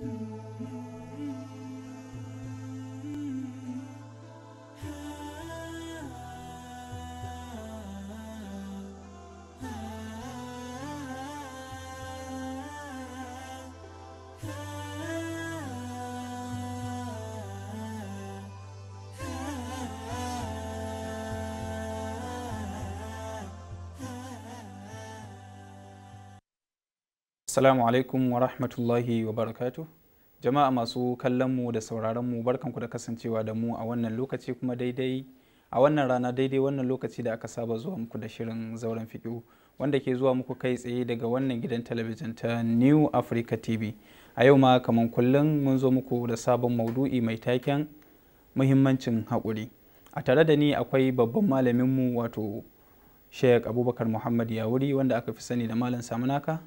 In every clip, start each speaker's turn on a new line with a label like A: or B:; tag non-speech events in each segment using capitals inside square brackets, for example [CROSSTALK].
A: Música Assalamu alaikum wa rahmatullahi wa barakatu. Jama'a masu kallon mu da sauraron mu barkanku da kasancewa da mu a wannan lokaci kuma daidai a wannan rana daidai wannan lokaci da aka saba zuwa muku da shirin zauren fiƙo wanda ke zuwa muku kai tsaye daga wannan gidan talabijin ta New Africa TV. A yau ma kaman kullum mun zo muku da sabon maudu'i mai taken muhimmancin haƙuri. A tare da ni akwai babban malamin mu wato Sheikh Abubakar Muhammad Yawuri wanda aka fi sani da Malam Samunaka.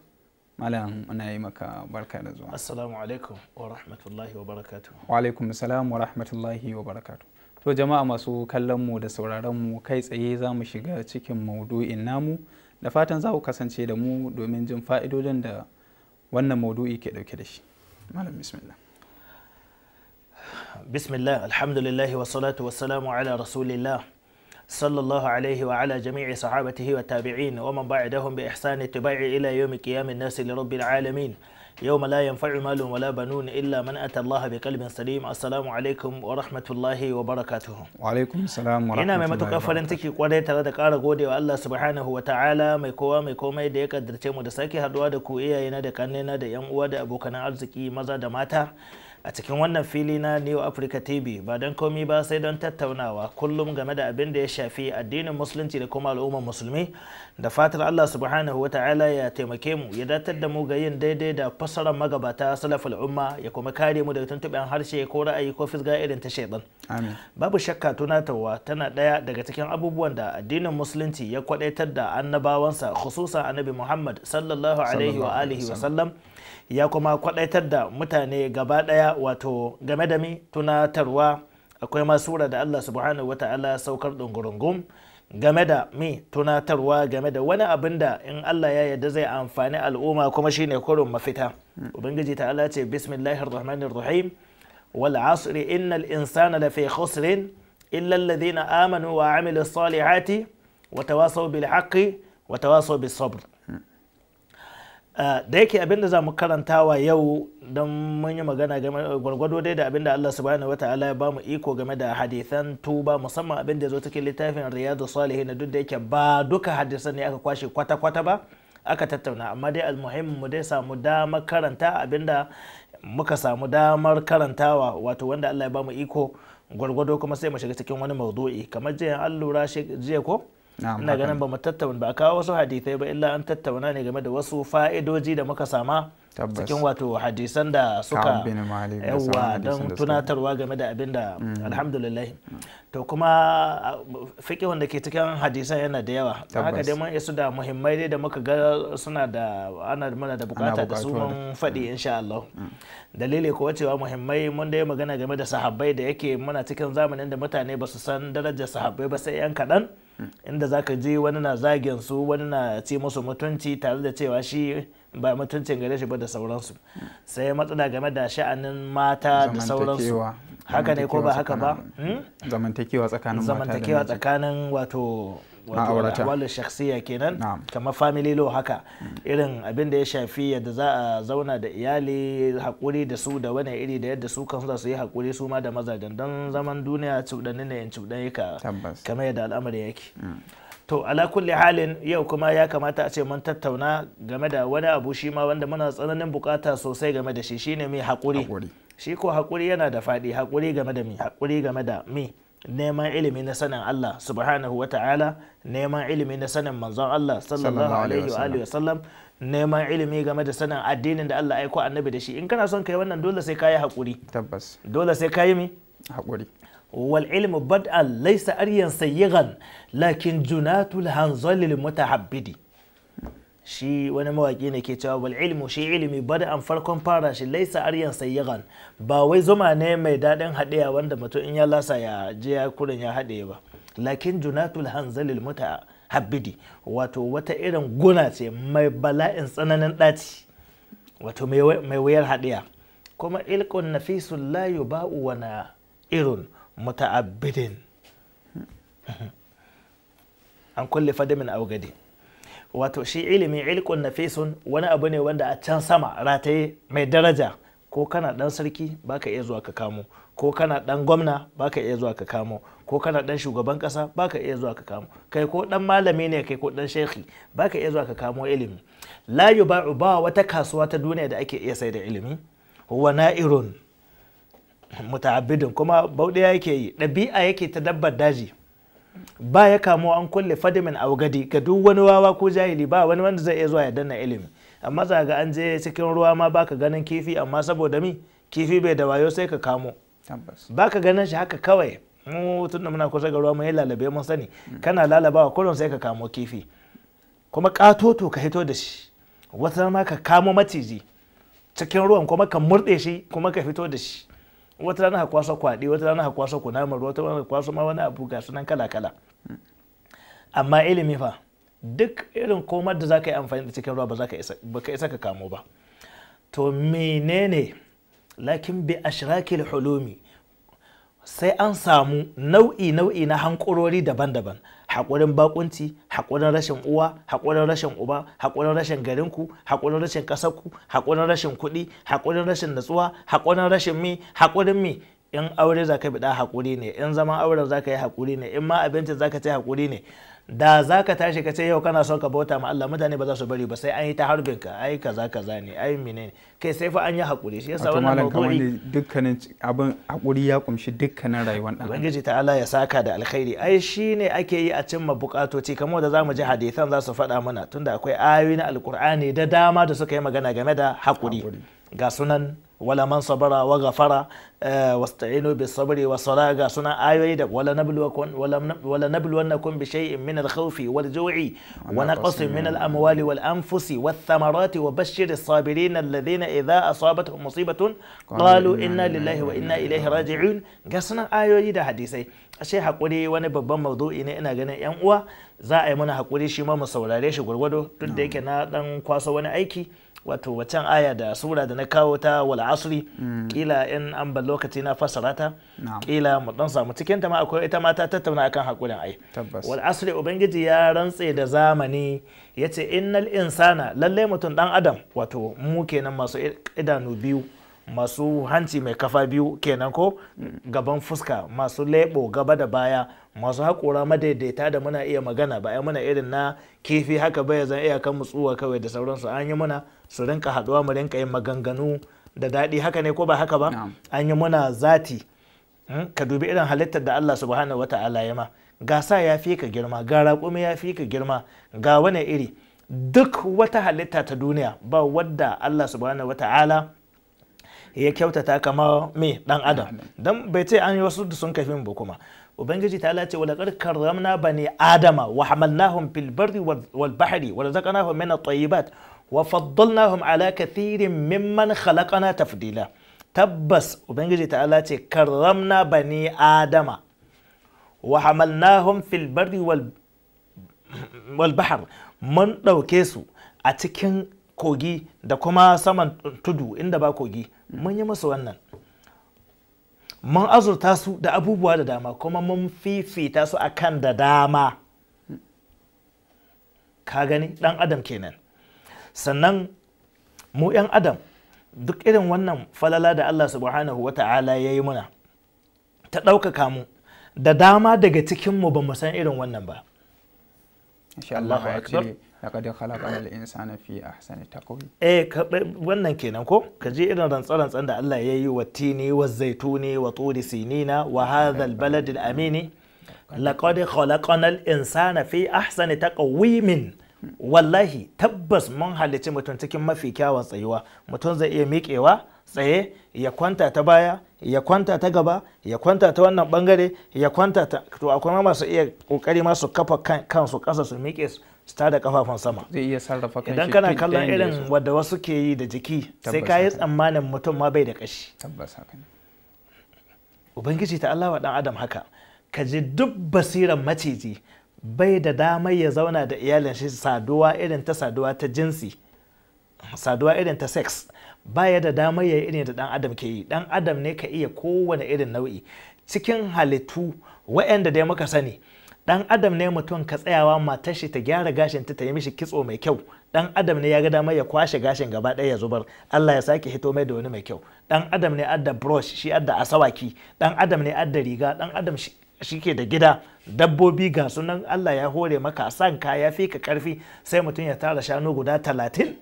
A: malam ana yi maka barka da zuwa
B: assalamu alaikum wa rahmatullahi wa barakatu
A: wa alaikum assalam wa rahmatullahi wa barakatu to jama'a masu kallon mu da sauraron mu kai tsaye za mu shiga cikin maudu'in namu da fatan za ku kasance da mu domin jin fa'idodin da wannan maudu'i ke dauke da shi malam bismillah
B: bismillah alhamdulillah wa salatu wa salamu ala rasulillah صلى الله عليه وعلى جميع صحابته والتابعين ومن بعدهم بإحسان اتباع إلى يوم قيام الناس لرب العالمين يوم لا ينفع مال ولا بنون إلا من أتى الله بقلب سليم السلام عليكم ورحمة الله وبركاته
A: وعليكم السلام ورحمة الله ina mai matuƙar farin
B: ciki kwarai tare da ƙara gode wa Allah subhanahu wa ta'ala mai kowa mai komai da ya kaddarce mu da sake haɗuwa da ku iyayena da kannena da yan uwa da abokan arziki maza da mata a cikin wannan fili na new africa tv ba don komi ba sai don tattaunawa kullum game da abin da ya shafi addinin musulunci da kuma al'ummar musulmi da fatar allah subhanahu wa ta'ala ya taimake mu ya datar da mu ga yin daidai da fassarar magabata salaful umma ya kuma kare mu daga tuntuɓen harshe ko ra'ayi ko fisga irin ta shaidan babu shakka tunatarwa tana ɗaya daga cikin abubuwan da addinin musulunci ya kwaɗaitar da annabawansa khususan annabi muhammad sallallahu alaihi wa alihi wa sallam ya kuma kwadaitar da mutane gaba daya wato game da mi tunatarwa akwai masura da Allah subhanahu wata'ala saukar dungurungum game da mi tunatarwa game da wani abin da in Allah ya yarda zai amfani al'umma kuma shine kurin mafita ubangiji ta'ala ce bismillahir rahmanir rahim wal asri innal insana lafi khusrin illa alladhina amanu wa amilus salihati wa tawasaw bil haqqi wa tawasaw bis sabr Eh, da yake abin da za mu karantawa yau don mun magana gwargwado dai da abin da Allah subhanahu wataala ya bamu iko game da hadithan tuba musamman abin da zo cikin littafin riyadu salihin duk da yake ba duka hadisan ne aka kwashe kwata-kwata ba aka tattauna amma dai almuhim mu dai samu damar karanta abin da muka samu damar karantawa wato wanda Allah ya bamu iko gwargwado kuma sai mu shiga cikin wani maudu'i kamar jiya an lura jiya ko
A: ina ganin
B: ba mu tattauna ba kawo wasu hadisai ba illa an tattauna ne game da wasu fa'idoji da muka sama cikin wato hadisan da suka yawa don tunatarwa game da abin da mm. alhamdulillah to kuma fiƙi wanda ke cikin hadisan yana da yawa haka dai mun isu da muhimmai dai da muka ga suna da ana mana da bukata da su mun faɗi mm. insha Allah mm. dalili kuwa cewa muhimmai mun dai magana game da sahabbai da yake muna cikin zamanin da mutane ba su san darajar sahabbai ba sai yan kaɗan inda za ka je wani na zagin su wani na ce musu mutunci tare da cewa shi ba mutuncin gare shi ba da sauransu sai matsala game da sha'anin mata da sauransu haka ne ko ba haka ba zamantakewa tsakanin hmm? wato wato walin shakhsiya kenan kamar family law haka irin abin da ya shafi yadda za a zauna da iyali hakuri da su da wani iri da yadda su kan za su yi hakuri su ma da mazajen don zaman duniya cuɗanni ne in cuɗanni ka kamar yadda al'amari yake mm. to ala kulli halin yau kuma ya kamata a ce mun tattauna game da wani abu shi ma wanda muna tsananin bukata sosai game da shi shine mai hakuri shi ko hakuri yana da faɗi hakuri game da mi hakuri game da mi neman ilimi na sanin Allah subhanahu wa ta'ala neman ilimi na sanin manzon Allah sallallahu alaihi wa alihi wasallam neman ilimi game da sanin addinin da Allah aiko annabi da shi in kana son kai wannan dole sai kayi hakuri tabbas dole sai kayi mi hakuri wal ilmu bad'an laysa aryan sayyigan lakin junatul hanzalil mutahabbidi shi wani mawaƙi ne ke cewa wal ilmu shi ilimi bada an farkon fara shi laisa aryan sayyagan ba wai zuma ne mai daɗin haɗewa wanda mutum in ya lasa ya je ya kurin ya haɗe ba lakin junatul hanzalil muta habidi wato wata irin guna ce mai bala'in tsananin ɗaci wato mai wuyar haɗiya kuma ilkun nafisun layu ba'u wana irin muta'abbidin [LAUGHS] an kulle fadimin augadi wato shi ilimi ilkun nafisun wani abu ne wanda a can sama rataye mai daraja ko kana dan sarki baka iya zuwa ka kamo ko kana dan gwamna baka iya zuwa ka kamo ko kana dan shugaban kasa baka iya zuwa ka kamo kai ko dan malami ne kai ko dan shekhi baka iya zuwa ka kamo ilimi la yuba'u ba wata kasuwa ta duniya da ake iya sai da ilimi huwa na'irun muta'abbidin kuma bauɗe yake yi ɗabi'a yake ta dabbar daji ba ya kamo an kulle fadimin a gadi ga duk wani wawa ko jahili ba wani wanda zai iya zuwa ya danna ilimi amma za ga an je cikin ruwa ma baka ganin kifi amma saboda mi kifi bai da wayo sai ka kamo baka ganin shi haka kawai mu tun da muna kusa ga ruwa mu yi lalabe mun sani kana lalabawa kullum sai ka kamo kifi kuma katoto ka hito da shi wata ma ka kamo maciji cikin ruwan kuma ka murɗe shi kuma ka fito da shi wata rana kwaso kwaɗe wata rana kwaso kunamar wata rana kwaso ma wani abu ga sunan kala kala amma ilimi fa duk irin komar da za ka yi amfani da cikin ruwa ba ka isa ka kamo ba to menene lakin bi ashrakil hulumi sai an samu nau'i nau'i na hankurori daban-daban haƙurin bakunci haƙurin rashin uwa haƙurin rashin uba haƙurin rashin garinku haƙurin rashin ƙasarku hakurin rashin kuɗi haƙurin rashin natsuwa haƙurin rashin mi haƙurin mi in aure za ka biɗa haƙuri ne in zaman aure za ka yi haƙuri ne in ma abinci za ka ci haƙuri ne da za ka tashi ka ce yau kana son ka bauta ma Allah mutane ba za su bari ba sai an yi ta harbin ka ai kaza kaza ne ai mine ne kai sai fa an yi haƙuri shi yasa wannan mawdu'i
A: dukkanin abin haƙuri ya kumshi dukkanin
B: rayuwar dan Ubangiji ta'ala ya saka da alkhairi ai shi ne ake yi a cimma bukatoci kamar da zamu ji hadisan za su faɗa mana tunda akwai ayoyi na alkur'ani da dama da suka yi magana game da haƙuri ga sunan wala man sabara wa gafara wasta'inu bis sabri wa sala ga suna ayoyi da wala nabluwakum wala nabluwannakum bi shay'in min al khawfi wal ju'i wa naqsin min al amwali wal anfusi wath thamarati wa bashshir as sabirin alladhina idha asabatuhum musibatun qalu inna lillahi wa inna ilayhi raji'un ga suna ayoyi da hadisai ashe hakuri wani babban mawdu'i ne ina ganin yan uwa za a yi mana hakuri shi ma mu saurare shi gurgwado duk da yake na dan kwaso wani aiki wato wacan aya da sura da na kawo ta wal asri kila in an ba lokaci na fassara ta kila mu dan samu cikin ta ma akwai ita ma ta tattauna akan hakurin ai wal asri ubangiji ya rantse da zamani yace innal insana lalle mutum dan adam wato mu kenan masu idanu biyu masu hanci mai kafa biyu kenan ko gaban fuska masu lebo gaba da baya masu haƙura madaidaita da muna iya magana ba ai muna irin na kifi haka bai zan iya kan tsuwa kawai da sauransu an yi muna su rinka haduwa mu rinka yin maganganu da daɗi haka ne ko ba haka ba an yi muna zati hmm? ka dubi irin halittar da Allah subhanahu wata'ala ya ma ga sa ya fi ka girma ga raƙumi ya fi ka girma ga wani iri duk wata halitta ta duniya ba wadda Allah subhanahu wata'ala ya kyautata kama me dan adam dan bai ce an yi wasu da sun kafin ba kuma ubangiji ta ce wala kar ramna bani adama wa hamalnahum fil barri wal bahri wa razaqnahum min at-tayyibat wa faddalnahum ala kathirin mimman na tafdila tabbas ubangiji ta'ala ce karramna bani adama wa hamalnahum fil barri wal wal mun ɗauke su a cikin kogi da kuma saman tudu inda ba kogi mun yi musu wannan mun azurta su da abubuwa da dama kuma mun fifita su akan da dama ka gani ɗan adam kenan sannan mu 'yan adam duk irin wannan falala da Allah subhanahu wa ta'ala ya yi muna ta ɗaukaka mu da dama daga cikinmu ba mu san irin wannan ba eh wannan kenan ko ka je irin rantsan-rantsan da Allah ya yi wa tini wa zaituni wa turi sinina wa hadha al amini laqad khalaqal insana fi ahsani taqwimin wallahi tabbas mun halicci mutum cikin mafi kyawun tsayuwa mutum zai iya miƙewa tsaye ya kwanta ta baya ya kwanta ta gaba ya kwanta ta wannan bangare ya kwanta ta to akwai masu iya kokari masu kafa kansu kasa su miƙe su ta da kafafun sama zai iya sarrafa kanshi idan kana kallon irin wadda wasu ke yi da jiki sai ka yi tsammanin mutum ma bai da kashi tabbas haka ubangiji ta Allah wa dan adam haka ka ji duk basiran maciji bai da damar ya zauna da iyalin shi saduwa irin ta saduwa ta jinsi saduwa irin ta sex baya da damar ya irin da dan adam ke yi dan adam ne ka iya kowane irin nau'i cikin halittu waɗanda dai muka sani dan adam ne mutum ka tsayawa matar shi ta gyara gashin ta yi mishi kitso mai kyau dan adam ne ya ga damar ya kwashe gashin gaba ɗaya ya zubar Allah ya sake hito mai da wani mai kyau dan adam ne adda brush shi adda asawaki dan adam ne adda riga dan adam shi ke da gida dabbobi ga sunan Allah ya hore maka a san ka ya fi ka karfi sai mutum ya tara shanu guda talatin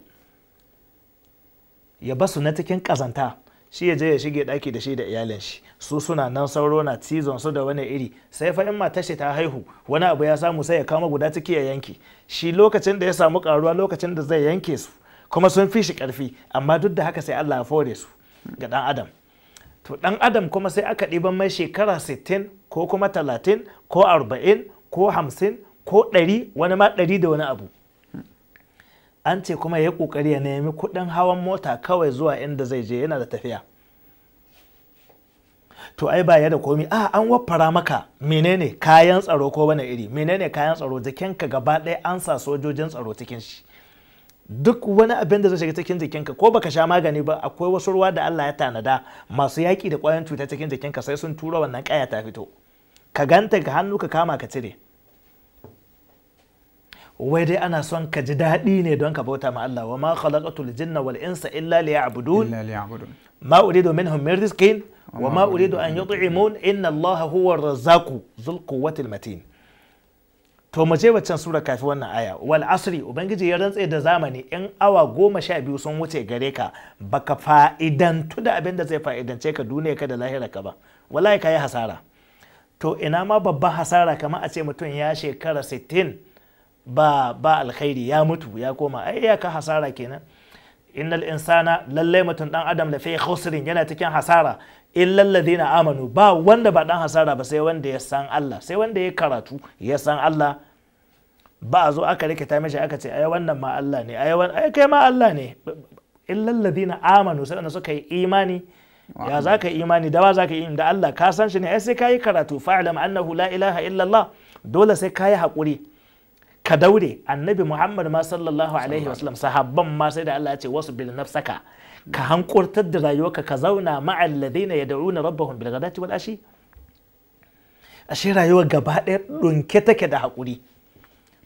B: ya basu na cikin kazanta shi ya je ya shige daki da shi da iyalin shi su suna nan sauro na cizon su da wani iri sai fa in matar ta haihu wani abu ya samu sai ya kama guda ciki ya yanke shi lokacin da ya samu karuwa lokacin da zai yanke su kuma sun fi shi karfi amma duk da haka sai Allah ya fore su ga dan adam to dan adam kuma sai aka ɗiban mai shekara 60 ko kuma 30 ko 40 ko 50 ko 100 wani ma 100 da wani abu an ce kuma ya kokari ya nemi kuɗin hawan mota kawai zuwa inda zai je yana da tafiya to ai ba ya da komi a an waffara maka menene kayan tsaro ko wani iri menene kayan tsaro jikinka gaba ɗaya an sa sojojin tsaro cikin shi duk wani abin da zai shiga cikin jikinka ko baka sha magani ba akwai wasu ruwa da Allah ya tanada masu yaƙi da ƙwayan cuta cikin jikinka sai sun tura wannan ƙaya ta fito ka ganta ga hannu ka kama ka cire wai dai ana son ka ji daɗi ne don ka bauta ma Allah wa ma khalaqatul jinna wal insa illa liya'budun ma uridu minhum min rizqin wa ma uridu an yut'imun inna Allaha huwa ar-razzaqu dhul quwwatil matin to mu je waccan sura kafi wannan aya wal asri ubangiji ya rantse da zamani in awa goma sha biyu sun wuce gare ka baka fa'idantu da abin da zai fa'idance ka duniya ka da lahira ka ba wallahi ka hasara to ina ma babban hasara kamar a ce mutum ya shekara 60 ba ba alkhairi ya mutu ya koma ai ya ka hasara kenan innal insana lallai mutum dan adam da fi khusrin yana cikin hasara illal ladina amanu ba wanda ba dan hasara ba sai wanda ya san Allah sai wanda ya karatu ya san Allah ba a zo aka rikita mishi aka ce ai wannan ma Allah ne ai ai kai ma Allah ne illal ladina amanu sai wanda suka yi imani ya za ka yi imani da ba za ka yi da Allah ka san shi ne ai sai ka yi karatu fa'lam annahu la ilaha illallah dole sai ka yi haƙuri ka daure annabi muhammad ma sallallahu alaihi wasallam sahabban ma sai da Allah ya ce wasu bil nafsaka ka hankurtar da rayuwarka ka zauna ma'al ladina yad'una rabbahum bil ghadati wal ashi ashe rayuwa gaba ɗaya ɗunke take da hakuri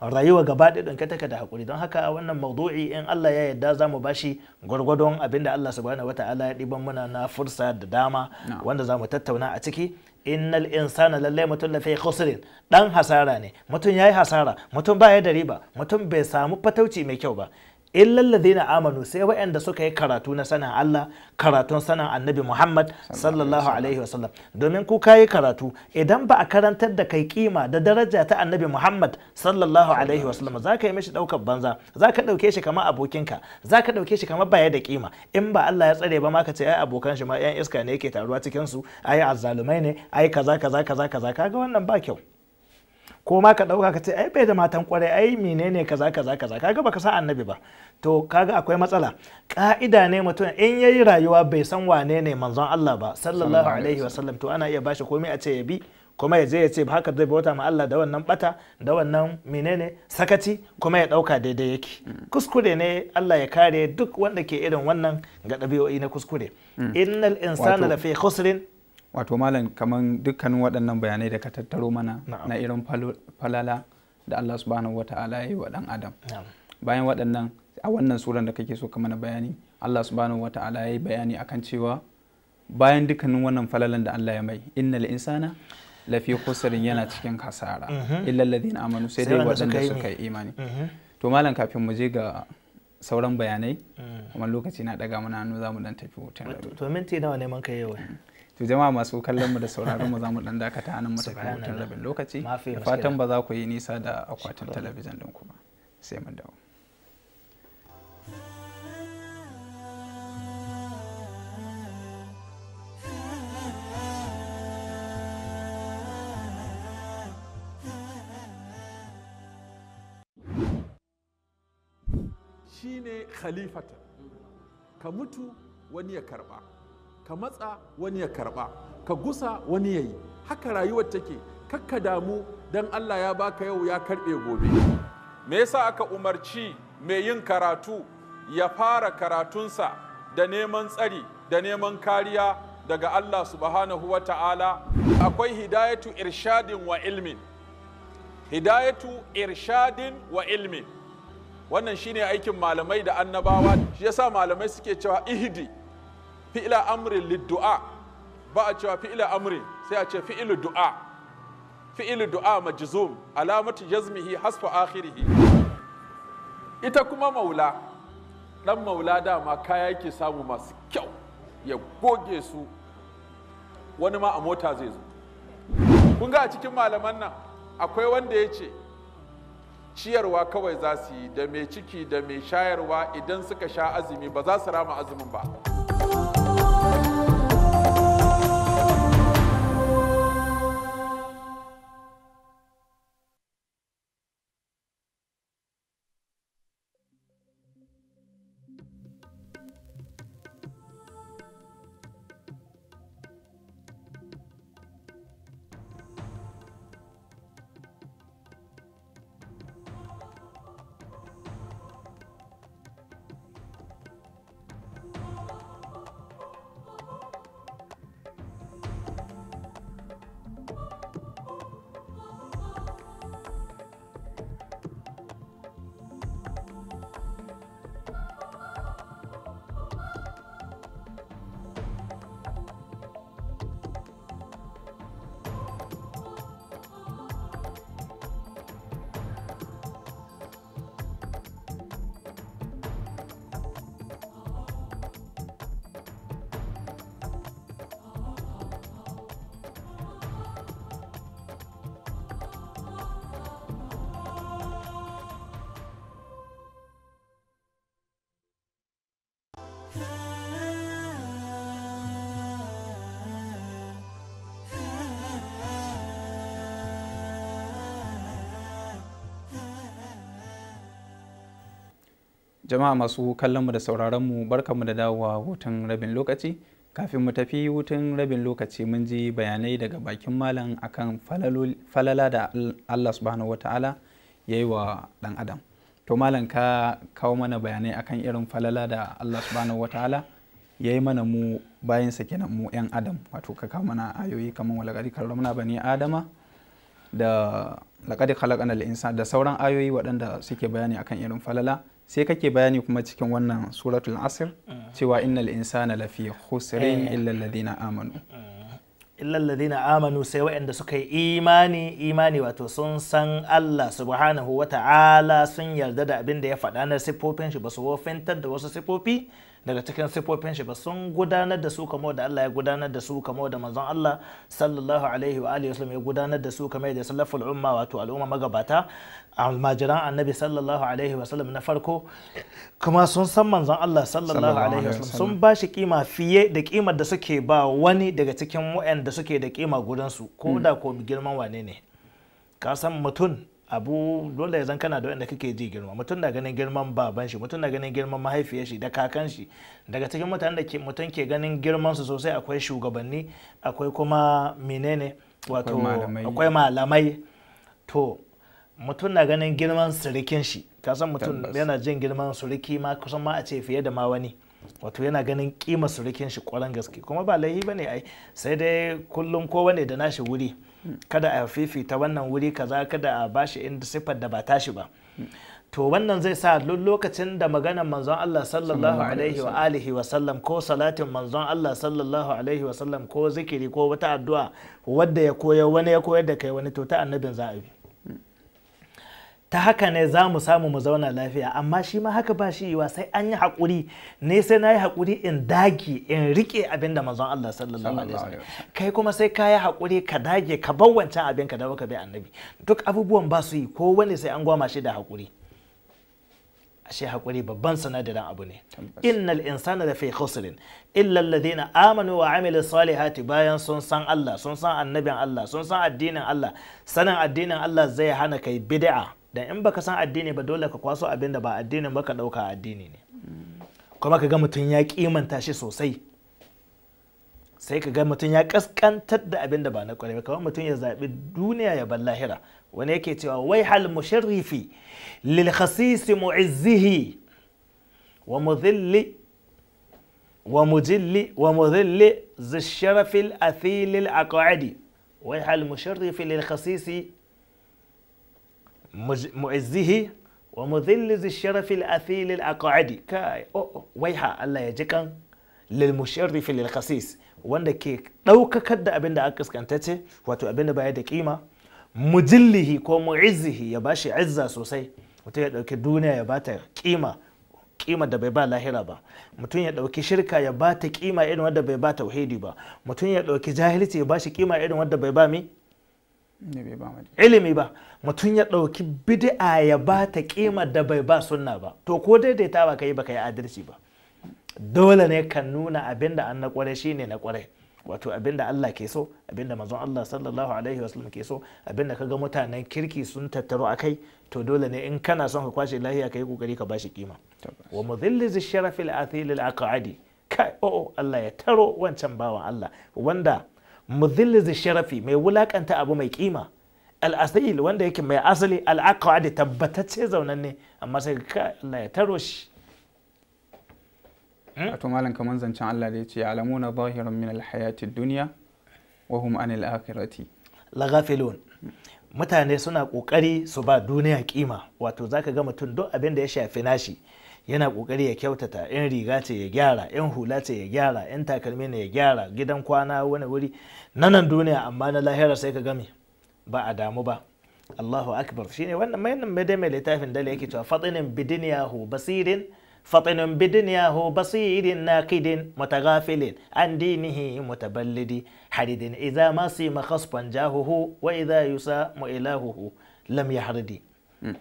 B: rayuwa gaba ɗaya ɗunke take da hakuri don haka wannan maudu'i in Allah ya yarda zamu bashi gwargwadon abin da Allah subhanahu wata'ala ya ɗiban muna na fursa da dama wanda zamu tattauna a ciki innal insana lallai mutum lafi khusrin dan hasara ne mutum yayi hasara mutum baya da riba mutum bai samu fatauci mai kyau ba illal ladina amanu sai waɗanda suka yi karatu na sanin Allah karatun sanin annabi Muhammad sallallahu alaihi wasallam domin ku kayi karatu idan ba a karantar da kai kima da daraja ta annabi Muhammad sallallahu alaihi wasallam za ka yi mishi ɗaukar banza za ka ɗauke shi kamar abokinka za ka ɗauke shi kamar baya da kima in ba Allah ya tsare ba ma ka ce ai abokan shi ma 'yan iska ne yake taruwa cikin su ai azzalumai ne ai kaza kaza kaza kaza kaga wannan ba kyau ko ma ka dauka ka ce ai bai da matan kwarai ai menene kaza kaza kaza kaga baka san annabi ba to kaga akwai matsala ka'ida ne mutum in yayi rayuwa bai san wane ne manzon Allah ba sallallahu alaihi wa sallam to ana iya bashi komai a ce ya bi kuma ya je ya ce haka zai bauta ma Allah da wannan bata da wannan menene sakaci kuma ya dauka daidai yake mm. kuskure ne Allah ya kare duk wanda ke irin wannan ga ɗabi'o'i na kuskure
A: mm. innal insana lafi khusrin wato malam kamar dukkanin waɗannan bayanai da ka tattaro mana na irin falala da Allah subhanahu wa ta'ala ya yi wa ɗan adam bayan waɗannan a wannan suran da kake so ka mana bayani Allah subhanahu wa ta'ala ya yi bayani akan cewa bayan dukkanin wannan falalan da Allah ya mai innal insana lafi kusurin yana cikin kasara mm-hmm. illal ladina amanu sai dai waɗanda suka yi imani mm-hmm. to malam kafin mu je ga sauran bayanai mm. kuma lokaci na daga mana hannu zamu dan tafi hoton
B: to minti nawa neman kai yau [LAUGHS]
A: to jama'a masu kallon mu da sauraron mu za mu dan dakata nan mu tafi hutun rabin lokaci fatan ba za ku yi nisa da akwatin talabijin din ku ba sai mun dawo
C: shine khalifata ka mutu wani ya karba ka matsa wani ya karba ka gusa wani ya yi haka rayuwar take kakka damu don allah ya baka yau ya karɓe gobe me yasa aka umarci mai yin karatu ya fara karatunsa da neman tsari da neman kariya daga allah subhanahu wa ta'ala akwai hidayatu irshadin wa ilmin hidayatu irshadin wa ilmin wannan shine aikin malamai da annabawa shi yasa malamai suke cewa ihdi fi'ila amrin liddu'a ba a cewa fi'ila amrin sai a ce fi'ilu du'a fi'ilu du'a majzum alamatu jazmihi hasfa akhirihi ita kuma maula ɗan maula dama kaya yake samu masu kyau ya goge su wani ma a mota zai zo kun ga a cikin malaman nan akwai wanda ya ce ciyarwa kawai za su yi da mai ciki da mai shayarwa idan suka sha azumi ba za su rama azumin ba
A: jama'a masu kallon mu da sauraron mu barkamu da dawowa hutun rabin lokaci kafin mu tafi hutun rabin lokaci mun ji bayanai daga bakin malam akan falala da Allah subhanahu wata'ala ya yi wa dan adam to malam ka kawo mana bayanai akan irin falala da Allah subhanahu wata'ala ya yi mana mu sa kenan mu 'yan adam wato ka kawo mana ayoyi kamar walakari karramna bani adama da laqad khalaqana al da sauran ayoyi waɗanda suke bayani akan irin falala sai kake bayani kuma cikin wannan suratul asir eh. cewa innal insana lafi khusrin eh. illa alladhina amanu eh.
B: illa alladhina amanu sai waɗanda suka yi imani imani wato sun san Allah subhanahu wata'ala sun yarda da abin da ya faɗa na siffofin shi ba su wofintar da wasu siffofi daga cikin sifofin shi ba sun gudanar da su kamo da Allah ya gudanar da su kamo da manzon Allah sallallahu alaihi wa alihi wasallam ya gudanar da su kamo da salaful umma wato al'umma magabata almajiran annabi sallallahu alaihi wa sallam na farko kuma sun san manzon Allah sallallahu alaihi wa sallam sun ba shi kima fiye da kimar da suke ba wani daga cikin wa'anda suke da kima gudansu ko hmm. da ko girman wane ne ka san mutum abu dole ya zan kana da wanda kake ji girma mutum na ganin girman baban shi mutum na ganin girman mahaifiyar shi da kakan shi daga cikin mutane da ke mutum ke ganin girman su sosai akwai shugabanni akwai kuma menene wato akwai malamai to mutum na ganin girman surikin shi kasan mutum yana jin girman suriki ma kusan ma a ce fiye da ma wani wato yana ganin kima surikin shi kwaran gaske kuma ba laifi bane ai sai dai kullum ne da nashi wuri kada a fifita wannan wuri kaza kada a bashi inda siffar da ba tashi ba to wannan zai sa lokacin da maganar manzon Allah sallallahu alaihi wa alihi wa sallam ko salatin manzon Allah sallallahu alaihi wa sallam ko zikiri ko wata addu'a wadda ya koyar wani ya koyar da kai wani to ta annabin za a bi ta haka ne za mu samu mu zauna lafiya amma shi ma haka ba shi yiwa sai an yi haƙuri ne sai na yi haƙuri in dage in riƙe abin da manzon Allah sallallahu alaihi wasallam kai kuma sai ka yi haƙuri ka dage ka bar wancan abin ka dawo ka bi annabi duk abubuwan ba su yi ko wani sai an gwama shi da haƙuri ashe haƙuri babban sanadiran abu ne innal insana da fi khusrin illa alladhina amanu wa amilu salihati bayan sun san Allah sun san annabin Allah sun san addinin Allah sanin addinin Allah zai hana kai bid'a dan in baka san addini ba dole ka kwaso abin da ba addinin ba ka ɗauka addini ne kuma ka ga mutun ya kimanta shi sosai sai ka ga mutun ya kaskantar da abin da ba na kware ba kamar mutun ya zabi duniya ya bar lahira wani yake cewa wai hal musharrifi lil khasis mu'izzihi wa mudhilli wa mudhilli wa mudhilli zisharafi al athil al aqadi wai hal musharrifi lil khasis mu'izzihi wa mudhillizi sharafil athil al-aqadi kai oh, oh, waiha Allah ya jikan kan lil musharrif lil khasis wanda ke daukakar da abinda aka aka kaskantace wato abinda da baya da kima mujillihi ko mu'izzihi ya bashi izza sosai mutum ya dauki duniya ya bata kima kima da bai ba lahira ba mutum ya dauki shirka ya bata kima irin wanda bai ba tauhidi ba mutum ya dauki jahilci ya bashi kima irin wanda bai ba mi ilimi ba mutum ya ɗauki bid'a ya ba ta ƙimar da bai ba sunna ba to ko daidaita ba ka yi ba ka yi adalci ba dole ne ka nuna abin da an na ƙware shi ne na ƙware wato abin da Allah ke so abin da mazan Allah sallallahu alaihi wasallam ke so abin da kaga mutanen kirki sun tattaro a kai. to dole ne in kana son ka kwashe lahiya kai kokari ka bashi kima wa zi sharafil athil al aqadi kai o oh, oh, Allah ya taro wancan bawan Allah wanda mudhilliz sharafi mai wulaƙanta abu mai kima al'asail wanda yake mai asali al'aqadi tabbatacce zaunanne amma sai ka Allah ya taro shi
A: hmm? wato malam kaman zancen Allah da ya ce alamuna zahiran min alhayati dunya wa hum anil akhirati
B: laghafilun mutane suna kokari su ba duniya ƙima wato zaka ga mutum duk abin da ya shafi nashi yana kokari ya kyautata yan riga ce ya gyara yan hula ce ya gyara yan takalmi ne ya gyara gidan kwana wani wuri na nan duniya amma na lahira sai ka game ba a damu ba Allahu akbar shine wannan mai nan mai mai littafin dala yake cewa fatinin bidiniyahu basirin fatinin bidiniyahu basirin naqidin mutaghafilin an dinihi mutaballidi haridin idza ma sima jahuhu wa idza yusa mu ilahuhu lam yahridi hmm.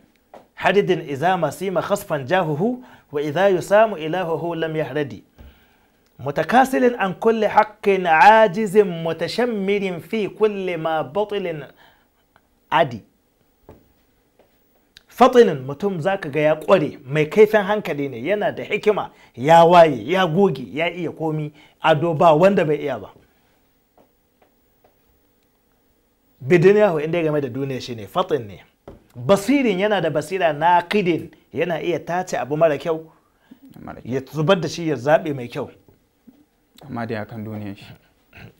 B: hadidin iza sima khasfan jahuhu wa idha yusamu ilahuhu lam yahradi mutakasilin an kulli haqqin ajizin mutashammirin fi kulli ma batilin adi fatinin mutum zaka ga ya kware mai kaifin hankali ne yana da hikima ya waye ya goge ya iya komi ado ba wanda bai iya ba bidin yahu inda game da duniya shine fatin ne basirin yana da basira na kidin yana iya tace abu mara kyau ya zubar da shi ya zaɓe mai kyau amma dai akan duniya shi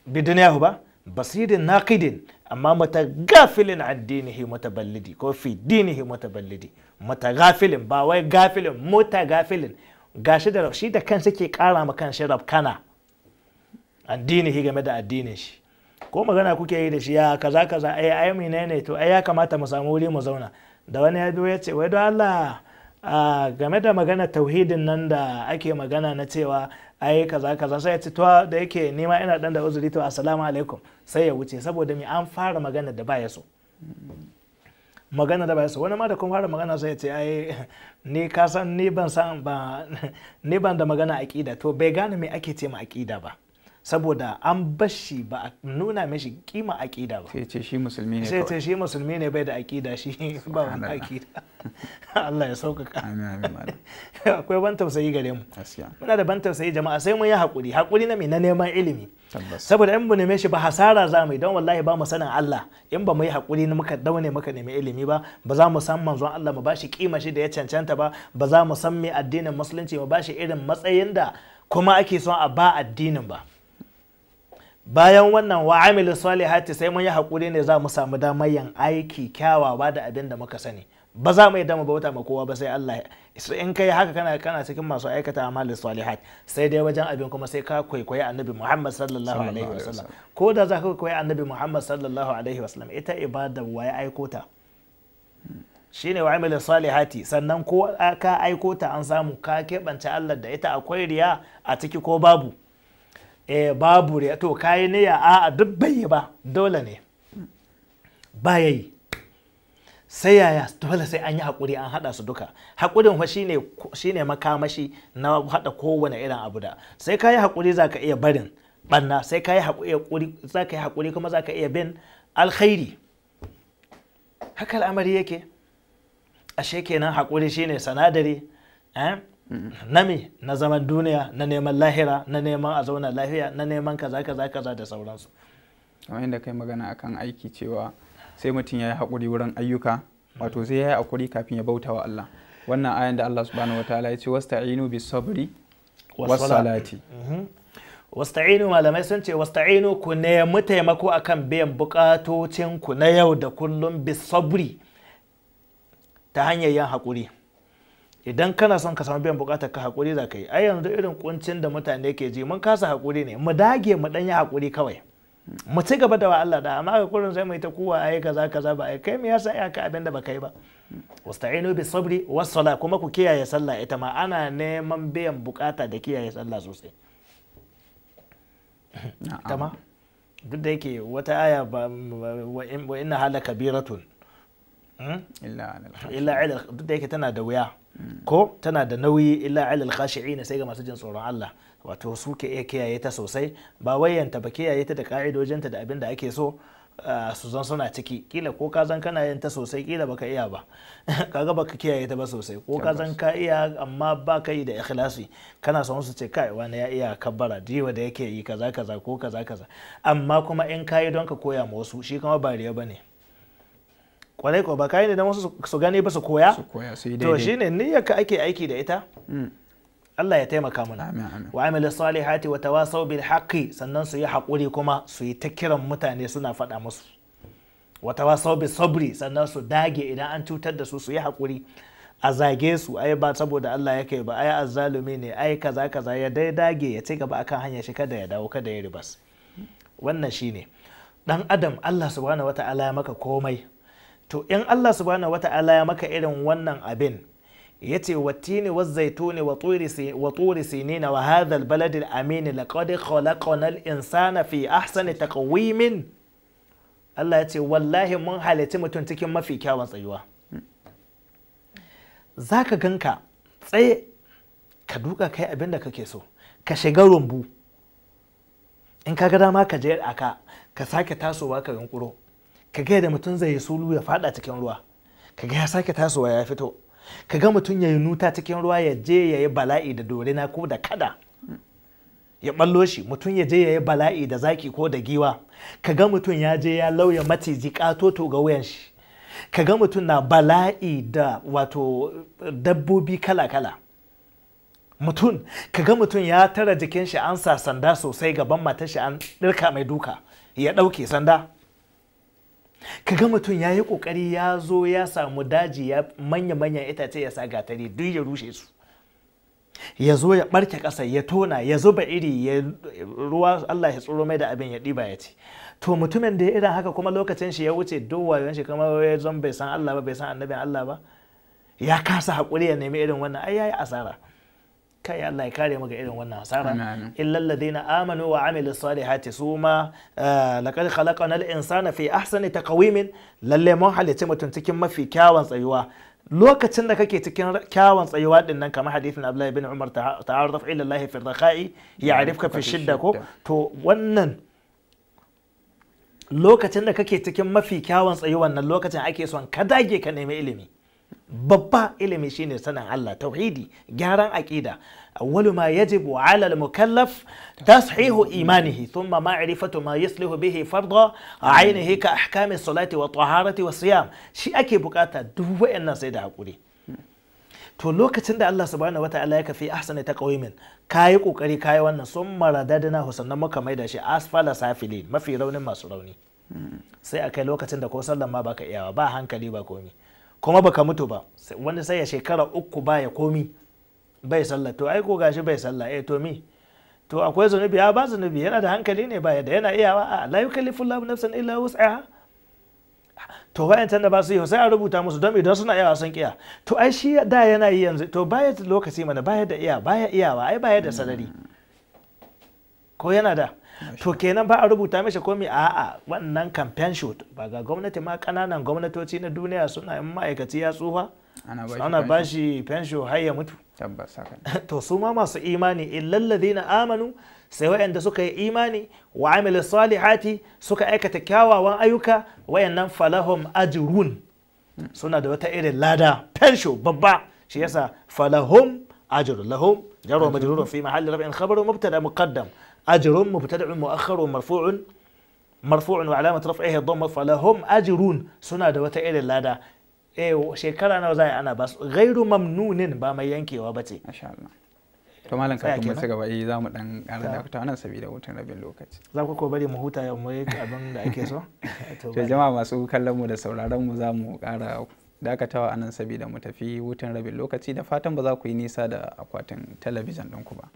B: bi duniya ba basirin na kidin amma mata gafilin addinihi ballidi ko fi dinihi mutaballidi mata gafilin ba wai gafilin mota gafilin gashi da shi da kansa ke kara ma kanshi rabkana addinihi game da addinin shi ko magana kuke yi da shi ya kaza kaza eh, ai ai ne to ai ya kamata mu samu wuri mu zauna da wani ya biyo ya ce wai don Allah game da magana tauhidin nan da ake magana na cewa ai kaza kaza sai ya ce to da yake nima ina dan da uzuri to assalamu alaikum sai ya wuce saboda me an fara magana da baya so magana da baya so wani ma da kuma fara magana sai ya ce ai ni ka san ni ban san ba ni ban da magana aqida to bai gane me ake ce ma aqida ba saboda an bashi ba a nuna mishi kima aƙida ba sai
A: ce shi musulmi ne sai ce
B: shi musulmi ne bai da aƙida shi ba wani aƙida [LAUGHS] Allah ya sauƙaƙa [LAUGHS] akwai ban tausayi gare mu muna da ban tausayi jama'a sai mun yi haƙuri haƙuri na mai na neman ilimi saboda in mu neme shi ba hasara za mu yi don wallahi ba mu sanin Allah in ba mu yi haƙuri na muka daune muka nemi ilimi ba ba za mu san manzon Allah mu bashi kima shi da ya cancanta ba ba za mu san me addinin musulunci mu shi irin matsayin da kuma ake son a ba addinin ba bayan wannan wa amilu salihati sai mun yi hakuri ne za mu samu damar yin aiki kyawawa da abin da muka sani ba za mu yi damu bauta ma kowa ba sai Allah in kai haka kana kana cikin masu aikata amalin hati sai dai wajen abin kuma sai ka kwaikwayi annabi Muhammad sallallahu alaihi wasallam ko da za ka kwaikwayi annabi Muhammad sallallahu alaihi wasallam ita ibada wa ya aiko ta shine wa amilin salihati sannan ko ka aiko ta an samu ka keɓance Allah da ita akwai riya a ciki ko babu eh babu riya to kayi niyya a'a duk bai yi ba dole ne ba ya yi sai yaya dole sai an yi haƙuri an haɗa su duka haƙurin fa shine makamashi na haɗa kowane irin abu da sai ka yi haƙuri za ka iya barin ɓanna sai ka yi haƙuri yi haƙuri kuma za ka iya bin alkhairi haka al'amari yake ashe kenan haƙuri shine sanadari eh? na me na zaman duniya na neman lahira na neman a zauna lafiya na neman kaza kaza kaza da sauransu kamar yadda kai magana akan aiki
A: cewa sai mutum ya yi haƙuri wurin ayyuka wato sai ya yi haƙuri kafin ya bauta wa Allah
B: wannan ayan da Allah subhanahu ta'ala ya ce wasta'inu bi sabri was salati mhm. wasta'inu malamai sun ce wasta'inu ku ne mu taimako akan biyan bukatocin ku na yau da kullum bi sabri ta hanyar yin haƙuri idan kana son ka samu biyan bukatar ka hakuri za ka yi ai yanzu irin kuncin da mutane ke ji mun kasa hakuri ne mu dage mu dan yi hakuri kawai mu ci gaba da wa Allah da amma ga kurin sai mai ta kuwa ai kaza kaza ba ai kai me yasa ai ka abin da baka ba wasta'inu bi sabri was sala kuma ku kiyaye sallah ita ma ana neman biyan bukata da kiyaye sallah sosai tama duk da yake wata aya wa inna halaka biratun hmm? illa ila duk da yake tana da wuya ko tana da nauyi illa alal na sai ga masu jin tsoron Allah wato su ke iya kiyaye ta sosai ba wayanta ba kiyaye ta da ka'idojinta da abin da ake so su zan suna ciki kila ko ka zan kana yin ta sosai kila baka iya ba [LAUGHS] kaga baka kiyaye ta ba sosai ko ka zan ka iya amma ba ka yi da ikhlasi kana son su ce kai wani ya iya kabbara jiwa da yake yi kaza kaza ko kaza kaza amma kuma in kayi don ka koya ma wasu shi kuma ba riya bane kwarai ko ba kai ne wasu su gani ba su koya su koya su yi daidai to shine niyyar ka ake aiki da ita mm. Allah ya taimaka mana wa amil salihati wa tawasaw bil haqqi sannan su yi hakuri kuma su yi ta kiran mutane suna faɗa musu wata tawasaw bis sabri sannan su dage idan an cutar da su su yi hakuri a zage su ai ba saboda Allah yake ba ai azzalumi ne ai kaza kaza ya dai dage ya ci gaba akan hanyar shi kada ya dawo kada ya ribas wannan shine dan adam Allah subhanahu wata'ala ya maka komai to in Allah subhanahu wata'ala ya maka irin wannan abin ya ce wattini wa ne wa turi sinina wa hadha albalad alamin laqad khalaqna al-insana fi ahsani taqwimin Allah ya ce wallahi mun halitti mutum cikin mafi kyawun tsayuwa zaka ganka tsaye ka duka kai abin da kake so ka shiga rumbu in ka ga dama ka je aka ka sake tasowa ka yunkuro ka ga da mutum zai yi sulu ya fada cikin ruwa ka ga ya sake tasowa ya fito ka ga mutum ya yi nuta cikin ruwa ya je ya yi bala'i da dorina ko da kada ya ballo shi mutum ya je ya yi bala'i da zaki ko da giwa ka ga mutum ya je ya lauya maciji katoto ga wuyan shi ka ga mutum na bala'i da wato dabbobi kala-kala mutum ka ga mutum ya tara jikin shi an sa sanda sosai gaban matashi an ɗirka mai duka ya ɗauke sanda ka ga mutum ya yi kokari ya zo ya samu daji ya manya-manyan itace ya sa gatari duk ya rushe su ya zo ya barke ƙasa ya tona ya zuba iri ya ruwa Allah ya tsoro mai da abin ya ɗiba ya ci to mutumin da ya irin haka kuma lokacin shi ya wuce dowayen shi kamar ya zon bai san Allah ba bai san annabin Allah ba ya kasa haƙuri ya nemi irin wannan ai yayi asara kai Allah ya kare mu ga irin wannan hasara illal ladina amanu wa amilus salihati suma eh, laqad khalaqnal insana fi ahsani taqwimin lalle mun halice mutum cikin mafi kyawun tsayuwa lokacin da kake cikin kyawun tsayuwa din nan kamar hadithin Abdullahi bin Umar ta'arraf ila Allah fi rakha'i ya'rifka fi shidda ko to wannan lokacin da kake cikin mafi kyawun tsayuwan nan lokacin ake son ka dage ka nemi ilimi babba ilimi shine sanin Allah tauhidi gyaran aqida awwalu ma yajibu ala al-mukallaf tashihu imanihi thumma ma'rifatu ma yuslihu bihi farda ainihi ka ahkami salati wa taharati wa siyam shi ake bukata duk wayannan sai da hakuri to lokacin da Allah subhanahu wata'ala ya kafi ahsana ta qawimin kayi kokari kayi wannan sun maradadna husanna muka maida shi asfala safilin mafi raunin masu rauni hmm. sai akai lokacin da ko sallan ma baka iyawa ba hankali ba komi kuma baka mutu ba wani sai ya shekara uku baya komi bai sallah to ai ko gashi bai sallah eh to mi to akwai zunubi ya ba zunubi yana da hankali ne ba da yana iyawa a la yukallifu llahu nafsan illa wus'aha to wayancan da ba su yi sai a rubuta musu don idan suna iyawa sun kiya to ai shi da yana yi yanzu to baya lokaci mana baya da iya baya iyawa ai baya da salari ko yana da to kenan ba a rubuta komai a a'a wannan campaign shoot ba ga gwamnati ma kananan gwamnatoci na duniya suna in ma'aikaci ya tsufa ana ba shi pension har ya mutu [LAUGHS] to su ma masu imani illal ladina amanu sai wayanda suka yi imani wa amilu salihati suka aikata kyawawan ayyuka wayannan falahum ajrun suna da wata irin lada pension babba shi yasa falahum ajrun lahum jarwa majrurun fi mahalli rabin khabaru mubtada muqaddam أجر مبتدع مؤخر مرفوع مرفوع وعلامة رفعه الضمة فلهم أجرون سنة دوة إلى اللادا eh shekara nawa za ana ba su gairu mamnunin ba mai yankewa ba ce
A: to malam kafin mu gaba eh za mu dan ƙara dakata nan saboda hutun rabin lokaci
B: za ku ko bari mu huta yau mu yi ake so to jama'a
A: masu kallon mu da sauraron mu za mu ƙara dakatawa nan saboda mu tafi wutan rabin lokaci da fatan ba za ku yi nisa da akwatin talabijin ɗinku ba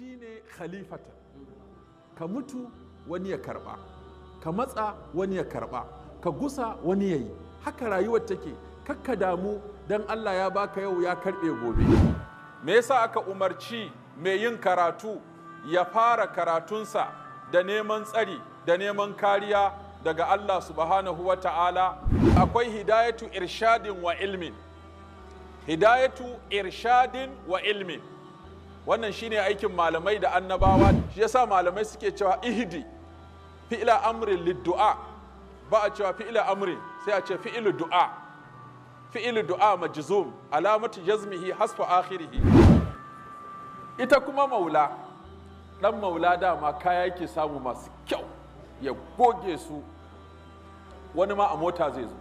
C: shine khalifata ka mutu wani ya karba ka matsa wani ya karba ka gusa wani ya yi haka rayuwar take kakka damu don Allah ya baka yau ya karbe gobe me yasa aka umarci mai yin karatu ya fara karatunsa da neman tsari da neman kariya daga Allah subhanahu wa ta'ala akwai hidayatu irshadin wa ilmin hidayatu irshadin wa ilmin wannan shine aikin malamai da annabawa shi yasa malamai suke cewa ihdi fi'la amri liddu'a ba a cewa fi'la amri, sai a ce fi'lu du'a fi'lu du'a majzum alamatu jazmihi hasfa akhirih ita kuma maula dan maula dama kaya yake samu masu kyau ya goge su wani ma a mota zai zo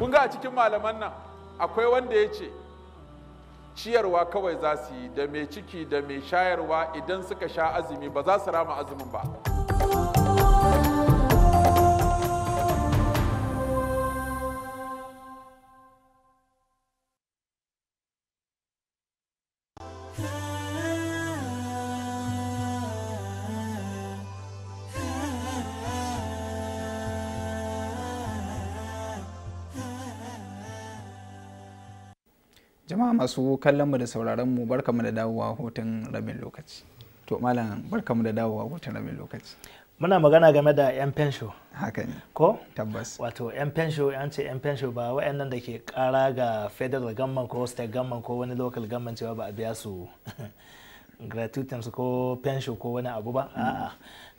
C: kun ga a cikin malaman nan akwai wanda ya ce ciyarwa kawai za su yi da mai ciki da mai shayarwa idan suka sha azumi ba za su rama azumin ba
A: masu kallon mu da sauraron mu barkamu da dawowa hoton rabin lokaci to malam barkamu da dawowa
B: hoton rabin lokaci muna magana game da yan pensho haka ne ko tabbas wato yan pensho yan ce yan pensho ba wayannan da ke kara ga federal government ko state government ko wani local government cewa ba a biya su [LAUGHS] gratuitin su ko pensho ko wani abu ba a'a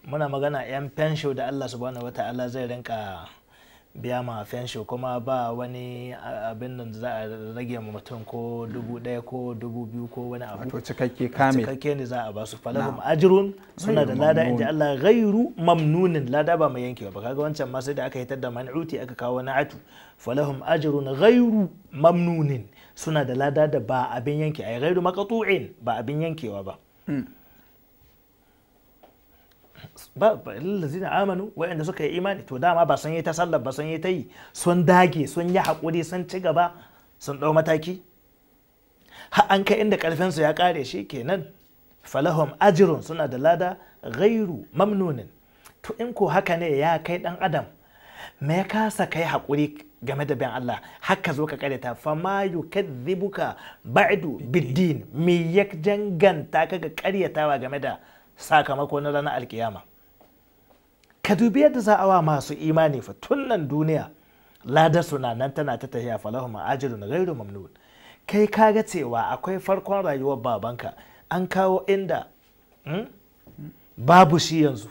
B: muna magana yan pensho da Allah subhanahu wataala zai rinka biya ma fenshi kuma ba wani abin da za a rage ma mutum ko dubu daya mm. ko dubu biyu ko wani abu wato cikakke kame cikakke ne za a ba su falahum ajrun suna da lada inda Allah ghairu mamnunin lada ba mai yankewa ba kaga wancan ma sai da aka hitar da man'uti aka kawo na'atu falahum ajrun ghairu mamnunin suna da lada da ba abin yanke ai ghairu maqtu'in ba abin yankewa ba mm. lazina amanu waɗanda suka yi imani to dama ba sun yi ta sallar ba sun yi ta yi sun dage sun yi haƙuri sun ci gaba sun ɗau mataki Ha an kai inda ƙarfinsu ya ƙare shi kenan falahum ajirun suna da lada gairu mamnunin to in ko haka ne ya kai ɗan adam me ya kasa kai haƙuri game da bin Allah haka zo ka karyata fa ma yukadhibuka ba'du biddin me ya janganta ka ga karyatawa game da sakamako na ranar alkiyama ka dubi yadda za a wa masu imani fa tun duniya Ladarsu suna nan tana ta tafiya falahu ma'ajirun gairu mamnun kai ka ga cewa akwai farkon rayuwar babanka an kawo inda hmm? babu shi yanzu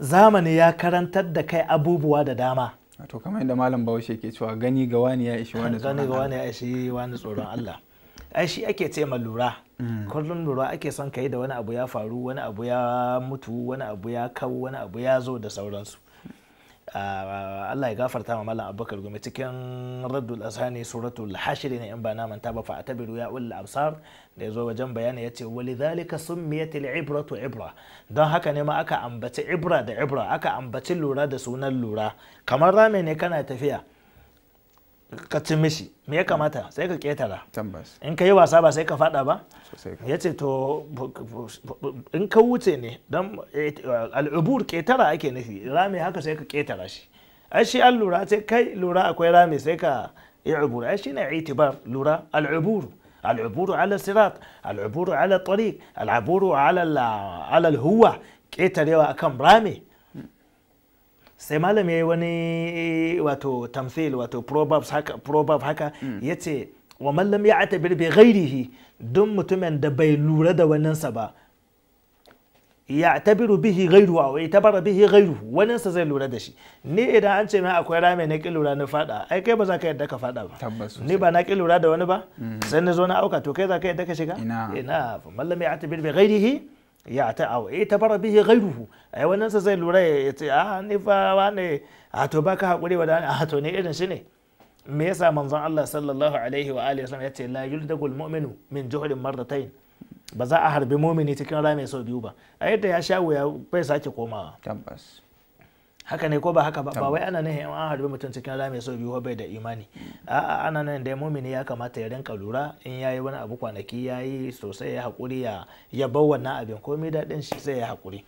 B: zamani ya karantar da kai abubuwa da dama to kamar yadda malam bahaushe ke cewa gani ga wani ya ishi wani tsoron Allah ai shi ake ce ma lura Mm. kullum lura ake son kai da wani abu ya faru wani abu ya mutu wani abu ya kawo wani abu ya zo da sauransu ah, Allah ya gafarta ma mallam Abubakar Gumi cikin Raddul Asani suratul Hashir ne in ba na manta ba fa atabiru ya ulul absar da yazo wajen bayani yace walidhalika summiyat al-ibratu ibra don haka ne ma aka ambaci ibra da ibra aka ambaci lura da sunan lura kamar rame ne kana tafiya ka ci mishi me ya kamata sai ka ketara in kai wasa ba sai ka fada ba yace to in ka wuce ne dan al'ubur ketara ake nufi rami haka sai ka ketara shi ai shi an lura sai kai lura akwai rami sai ka yi ubur ai shi ne itibar lura al'ubur العبور على الصراط العبور على الطريق العبور ala على الهوة كيتر يا akan رامي sai malam ya yi wani wato tamthil wato proverbs haka proverb haka mm. ya ce wa mallam ya ata birbe ghairihi duk mutumin da bai lura da waninsa ba ya biru bihi gairu a wai tabara bihi gairu waninsa zai lura da shi ni idan an ce min akwai rami na ki lura na fada ai kai ba za ka yadda ka fada ba ni ba na ki lura da wani ba mm-hmm. sai na zo na auka to kai za ka yadda ka shiga ina mallam ya ata birbe ghairihi ya ta awa eh ta fara bihi ghairuhu ai wannan sa zai lura ya ce a ni fa wane a to baka hakuri wa dan a to ne irin shi ne me yasa manzon Allah sallallahu alaihi wa alihi wasallam yace la yuldagul mu'minu min juhlin marratayn ba za a harbi mumini cikin rami sau biyu ba a yadda ya sha wuya bai sake komawa tabbas haka ne ko ba haka ba wai ana nan an harbi mutum cikin rami sau biyu bai da imani a'a ana nan da mumini ya kamata ya rinka lura in yayi wani abu kwanaki yayi sosai ya hakuri ya ya bar wannan abin komai daɗin shi sai ya hakuri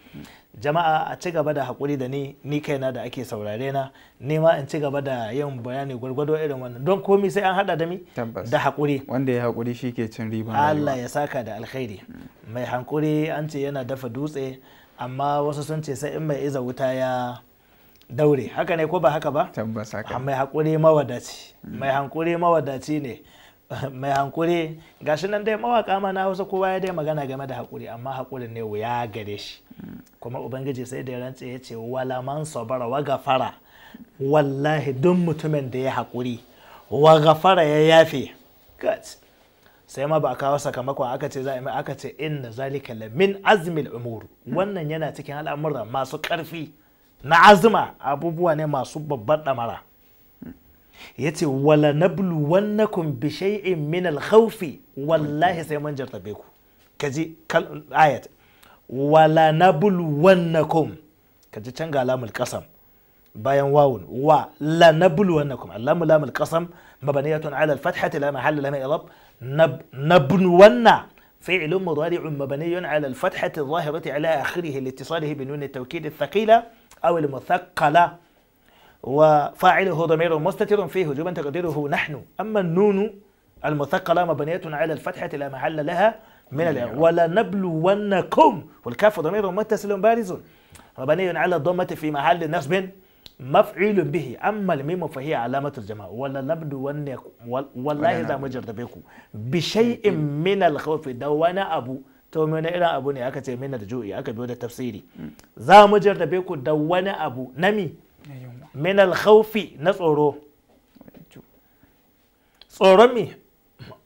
B: jama'a a ci gaba da hakuri da ni ni kaina da ake saurare na ni ma in ci gaba da yin bayani gwargwado irin wannan don komai sai an hada da mi da hakuri wanda ya hakuri shi ke cin riba Allah ya saka da alkhairi mai hankuri an ce yana dafa dutse amma wasu sun ce sai in mai iza wuta ya daure haka ne ko ba haka ba tabbas mai hakuri mawadaci mai hankuri mawadaci ne [LAUGHS] mai hankuri gashi nan dai mawaka mana na wasu kowa ya dai magana game da hakuri amma hakurin ne wuya gare shi kuma ubangiji sai da rantse ya ce wala man sabara wa gafara wallahi duk mutumin da ya hakuri wa gafara ya yafe sai ma ba a kawo sakamakon aka ce za a yi aka ce inna zalika la min azmil umur wannan yana cikin al'amuran masu karfi na azuma abubuwa ne masu babbar damara yace wala nablu wannakum bi shay'in min al-khawfi wallahi sai mun jartabe ku kaji ayat wala nablu wannakum kaji can ga alamul qasam bayan wawun wa la nablu wannakum allamu lamul qasam mabaniyatun مبنية على الفتحة لا محل لها من nab نب wanna فعل مضارع مبني على الفتحة الظاهرة على آخره لاتصاله بنون التوكيد الثقيلة أو المثقلة وفاعله ضمير مستتر فيه وجوبا تقديره نحن أما النون المثقلة مبنية على الفتحة لا محل لها من نعم. الإعراب ولنبلونكم والكاف ضمير متصل بارز مبني على الضمة في محل نصب مفعول به أما الميم فهي علامة الجماعة ولنبلونكم والله إذا مجرد بكم بشيء من الخوف دوانا أبو to na irin abu ne aka ce mina da ju'i aka biyo da tafsiri za mu jarrabe ku da wani abu nami min alkhawfi na tsoro tsoron mi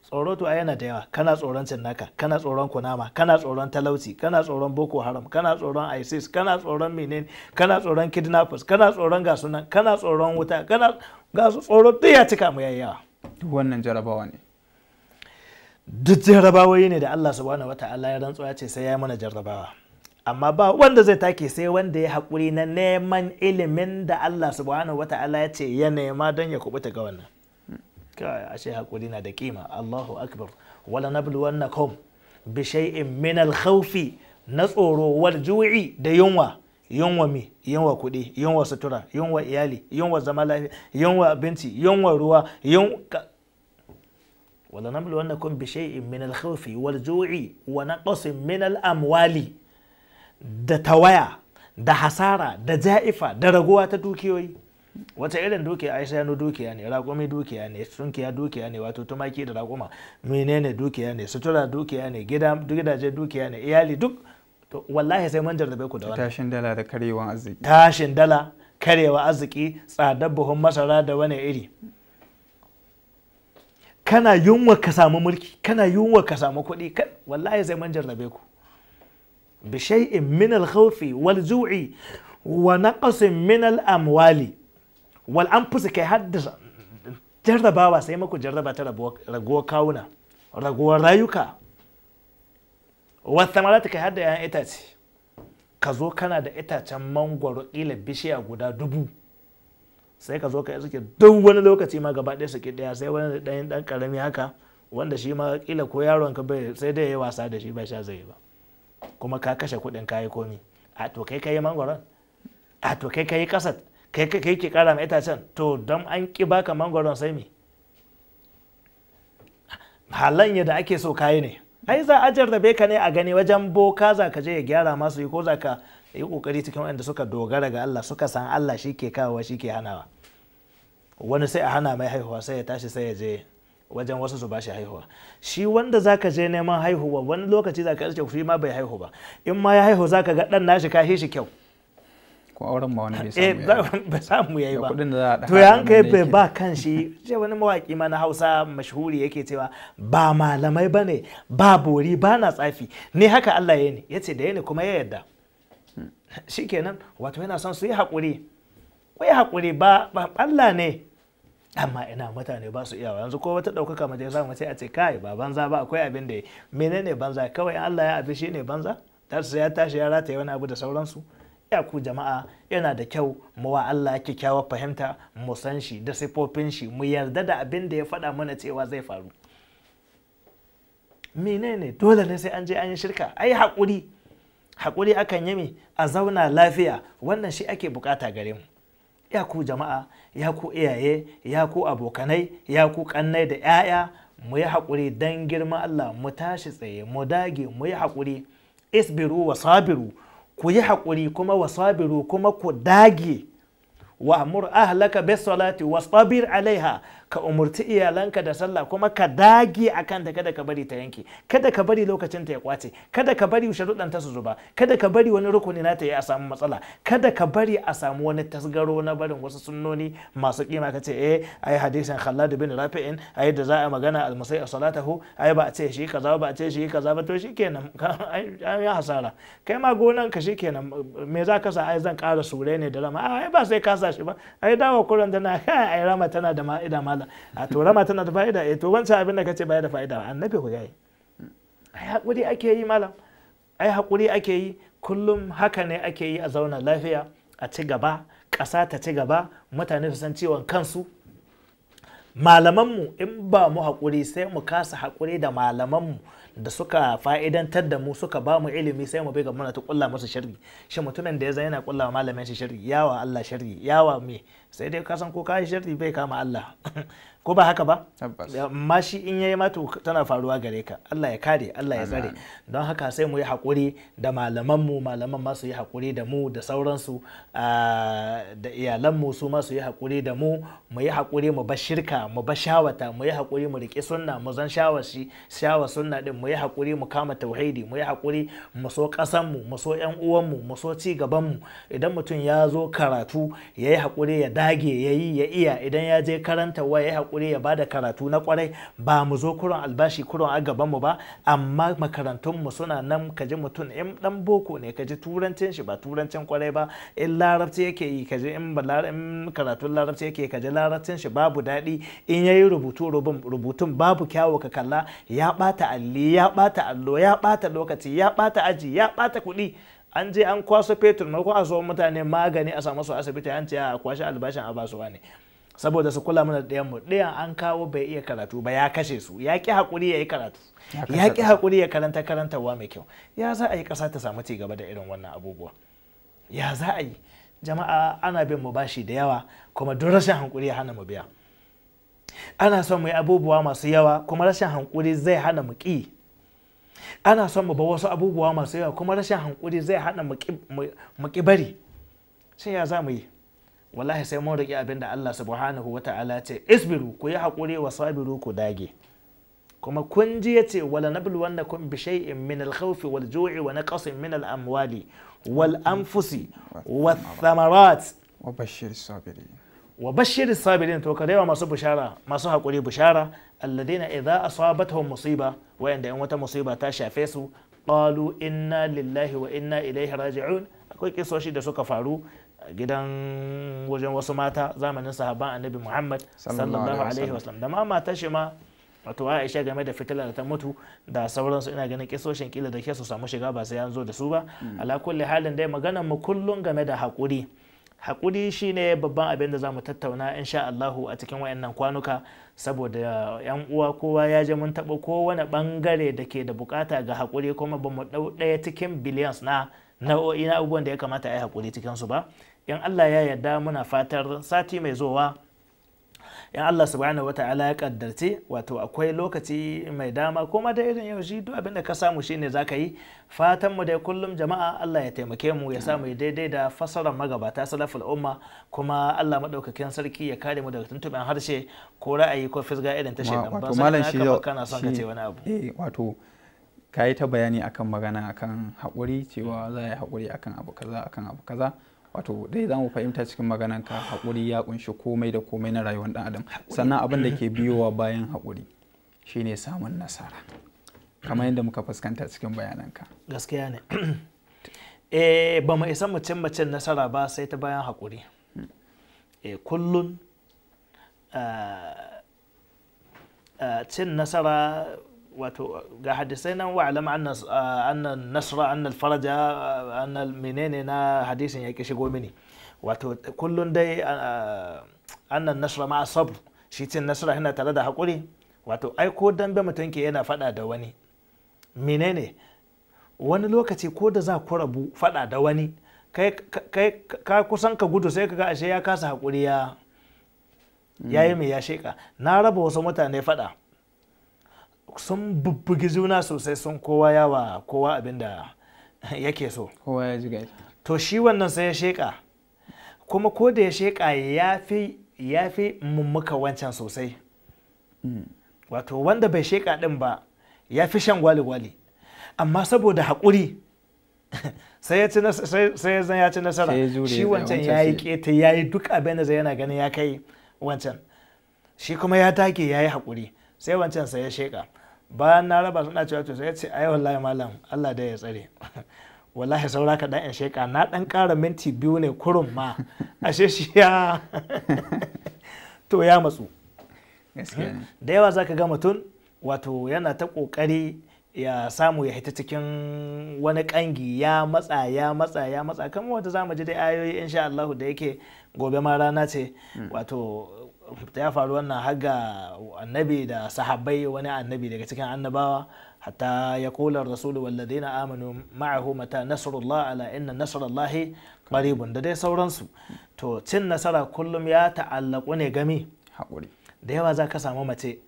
B: tsoro to yana da yawa kana tsoron cinnaka kana tsoron kunama kana tsoron talauci kana tsoron boko haram kana tsoron isis kana tsoron menen kana tsoron kidnappers kana tsoron gasunan kana tsoron wuta kana gasu tsoro duk ya cika mu yayyawa duk wannan jarabawa ne duk jarrabawoyi ne da Allah subhanahu wata'ala ya rantsuwa ce sai ya mana jarrabawa amma ba wanda zai take sai wanda ya haƙuri na neman ilimin da Allah subhanahu wata'ala ya ce ya nema don ya kubuta ga wannan kai ashe haƙuri na da kima Allahu akbar wala nabluwannakum bi shay'in min al-khawfi na tsoro wal ju'i da yunwa yunwa mi yunwa kuɗi yunwa sutura yunwa iyali yunwa zama lafiya yunwa abinci yunwa ruwa yunwa ولنبلونكم بشيء من الخوف والجوع ونقص من الأموال da tawaya da hasara da ja'ifa da raguwa ta dukiyoyi wata irin dukiya Aisha shanu dukiya ne raƙumi dukiya ne sunkiya dukiya ne wato tumaki da raƙuma menene dukiya ne sutura dukiya ne gidaje dukiya ne iyali duk wallahi sai mun jarrabe ku da wannan tashin dala da karewan arziki tashin dala karewa arziki tsadar buhun masara da wani iri kana yunwa ka samu mulki kana yunwa ka samu kuɗi kan wallahi zai man jarrabe ku bi shay'in min al-khawfi wal ju'i wa naqsin min al-amwali wal anfus kai haddasa jarrabawa sai maku jarraba ta raguwar kawuna raguwar rayuka wata mara ta kai hada 'ya'yan itace ka zo kana da itacen mangwaro ila bishiya guda dubu sai ka zo ka iske duk wani lokaci ma gaba ɗaya suke ɗaya sai wani ɗan ɗan ƙarami haka wanda shi ma kila ko yaron ka bai sai dai ya wasa da shi bai sha zai ba kuma ka kashe kuɗin ka yi komi a to kai ka yi mangoron a to kai ka yi kai kai ki kara ma itacen to don an ki baka mangoron sai me halan da ake so kayi ne ai za a jarrabe ka ne a gani wajen boka za ka je ya gyara masu yi ko za ka yi kokari cikin wanda suka dogara ga Allah suka san Allah shi ke kawowa shi ke hanawa wani sai a hana mai haihuwa sai ya tashi sai ya je wajen wasu su bashi haihuwa shi wanda zaka je neman haihuwa wani lokaci zaka iske shi ma bai haihu ba in ma ya haihu zaka ga dan nashi ka shi kyau ko auren ma wani bai eh, samu yayi ba to ya kai bai ba kan shi je wani mawaki ma na Hausa mashhuri yake cewa ba malamai bane ba bori ba na tsafi ni haka Allah ya ne yace da ya ne kuma ya yarda shikenan wato yana son su yi haƙuri kai yi haƙuri ba Allah ne amma ina mutane ba su wa yanzu ko wata ɗaukaka mace za mu ce a ce kai ba banza ba akwai abin da ya menene banza kawai Allah ya abi shi ne banza su ya tashi ya rata wani abu da sauransu ya ku jama'a yana da kyau mu wa Allah kyakkyawa fahimta mu san shi da sifofin shi mu yarda da abin da ya faɗa mana cewa zai faru menene dole ne sai an je an yi shirka ai haƙuri haƙuri akan yi a zauna lafiya wannan shi ake bukata gare mu ya ku jama'a ya ku iyaye ya ku abokanai ya ku kannai da 'ya'ya mu yi haƙuri don girma Allah mu tashi tsaye mu dage mu yi haƙuri isbiru wa sabiru ku yi haƙuri kuma wa sabiru kuma ku dage wa amur ahlaka bis salati wasbir alaiha ka umurci iyalanka da sallah kuma ka dage a kanta kada ka bari ta yanke kada ka bari lokacin ta ya kwace kada ka bari sharuɗan ta su zuba kada ka bari wani rukuni na ta yi a samu matsala kada ka bari a samu wani tasgaro na barin wasu sunnoni masu kima ka ce eh ai hadisin Khallad bin Rafi'in ai da za a magana almasai salatahu ayi ba a ce shi kaza ba a ce shi kaza ba to shikenan an yi hasara kai ma gonan ka shikenan me za ka sa ai zan ƙara sure ne da rama ai ba sai ka sa shi ba ai dawo kuran da na [LAUGHS] ai rama tana da ma'ida ta'ala a tana da fa'ida eh to wancan abin da kace baya da fa'ida annabi ku yayi ai hakuri ake yi malam ai hakuri ake yi kullum haka ne ake yi a zauna lafiya a ci gaba ƙasa ta ci gaba mutane su san ciwon kansu malamanmu in ba mu haƙuri sai mu kasa haƙuri da malamanmu da suka fa'idantar da mu suka ba mu ilimi sai mu bai ga muna ta kulla musu sharri shi mutumin da ya zai yana kulla malamin shi sharri yawa Allah sharri yawa me sai dai ka san ko ka sharri bai kama Allah [LAUGHS] ko ba haka ba amma shi in yayi mato tana faruwa gare ka Allah ya kare Allah ya tsare don haka sai mu yi hakuri da malaman mu malaman ma su yi hakuri da mu da sauransu ah, da iyalan mu su ma su yi hakuri da mu mu yi hakuri mu bar shirka mu bar shawata mu yi hakuri mu riƙe sunna mu zan shawashi shawa sunna din mu yi hakuri mu kama tauhidi mu yi hakuri mu so ƙasan mu mu so ƴan uwan mu mu so ci gaban mu idan mutum ya zo karatu ya hakuri ya dage yayi ya iya idan ya je karanta wa ya yi hakuri hakuri ya bada karatu na kwarai ba mu zo kurin albashi kuran a gaban mu ba amma makarantun mu suna nan kaji mutum in dan boko ne kaji turancin shi ba turancin kwarai ba in larabci yake yi kaji in karatun larabci yake kaji larabcin shi babu daɗi in yayi rubutu rubutun babu kyawu ka kalla ya bata alli ya bata allo ya bata lokaci ya bata aji ya bata kuɗi an je an kwaso fetur ko a zo mutane magani a samu su asibiti an ce a kwashe albashin a basuwa ne saboda su kula mana ɗayan mu ɗayan an kawo bai iya karatu ba ya kashe su ya ki hakuri ya yi karatu ya ki hakuri ya karanta karantarwa mai kyau ya za a yi ƙasa ta samu cigaba da irin wannan abubuwa ya za a yi jama'a ana bin mu bashi da yawa kuma don rashin hankuri ya hana mu biya ana son mu yi abubuwa masu yawa kuma rashin hankuri zai hana mu ƙi ana son mu ba wasu abubuwa masu yawa kuma rashin hankuri zai hana mu ƙi bari sai ya za mu yi wallahi sai mun riƙe abin da Allah subhanahu wa ta'ala ce isbiru ku yi haƙuri wa sabiru ku dage kuma kun ji ya ce wala nablu wanda kun bi shay'in min al-khawf wal ju'i wa naqsin min al-amwali wal anfusi wa thamarat wa bashir sabirin wa bashir sabirin to masu bishara masu haƙuri bishara alladina idza asabatuhum musiba wayanda in wata musiba ta shafe su qalu inna lillahi wa inna ilaihi raji'un akwai kisoshi da suka faru gidan wajen wasu mata zamanin sahaban annabi muhammad sallallahu alaihi wasallam da ma mata shi ma wato aisha game da fitila da ta mutu da sauransu ina ganin kisoshin kila da ke su samu shiga ba sai an zo da su ba hmm. ala kulli halin dai maganar mu kullum game da hakuri haƙuri shine babban abin da za mu tattauna insha Allahu a cikin wayannan kwanuka saboda yan uwa kowa ya je mun taɓa kowane ɓangare da ke da bukata ga hakuri kuma ba mu ɗau ɗaya cikin billions na nau'o'i na abubuwan da ya kamata a yi hakuri cikin su ba in Allah ya yarda muna fatar sati mai zowa in Allah subhanahu ta'ala ya kaddarce wato akwai lokaci mai dama kuma da irin yau shi duk abin da ka samu shine zaka yi fatan mu dai kullum jama'a Allah ya taimake mu ya samu daidai da fasarar magabata salaful umma kuma Allah madaukakin sarki ya kare mu daga tuntuɓen harshe ko ra'ayi ko fisga irin ta shaidan ba sai kana son ka ce wani abu
A: eh, wato ka yi ta bayani akan magana akan haƙuri cewa za a yi haƙuri akan abu kaza akan abu kaza wato dai za mu fahimta cikin maganan ka haƙuri ya kunshi komai da komai na rayuwar ɗan adam sannan abin da [LAUGHS] ke biyowa bayan haƙuri shine samun nasara kamar yadda muka fuskanta cikin bayananka gaskiya ne
B: [CLEARS THROAT] eh ba mu isa mu cin mace nasara ba sai ta bayan haƙuri eh kullun ah, ah, cin nasara wato ga hadisai nan wa alama annan nasra annan faraja annan menene na hadisin ya ki shigo mini wato kullun dai annan nasra ma sabr shi cin nasra yana tare da haƙuri wato ai ko dambe mutum ke yana faɗa da wani menene wani lokaci ko da za ku rabu faɗa da wani kai ka kusan ka gudu sai ka ga ashe ya kasa haƙuri ya yayi mai ya sheka na raba wasu mutane faɗa sun bubbugi juna sosai sun kowa yawa kowa abinda yake so kowa ya ji to shi wannan sai ya sheka kuma ko da ya sheka ya fi ya fi mummuka wancan sosai mm. wato wanda bai sheka din ba ya fi shan gwali-gwali amma saboda haƙuri [LAUGHS] sai ya zan ya ci nasara shi wancan ya yi keta ya yi duk abin da zai yana ganin ya kai wancan shi kuma ya take ya yi haƙuri sai wancan sai ya sheka bayan na raba suna cewa to sai ya ce ai wallahi malam Allah da ya tsare [LAUGHS] wallahi saura ka dan sheka na dan kara minti biyu ne kurum ma ashe shi ya [LAUGHS] to ya matsu da yawa zaka ga mutum wato yana ta kokari ya samu ya hita cikin wani kangi ya matsa ya matsa ya matsa kamar wata zamu ji da ayoyi insha Allah da yake gobe ma rana ce mm. wato ya faru wannan har ga annabi da sahabbai wani annabi daga cikin annabawa hatta ya kula rasulu walladina amanu ma'ahu mata nasrullah ala inna nasrullahi qaribun da dai sauransu to cin nasara kullum ya ta'allaku ne gami hakuri da yawa za ka samu mace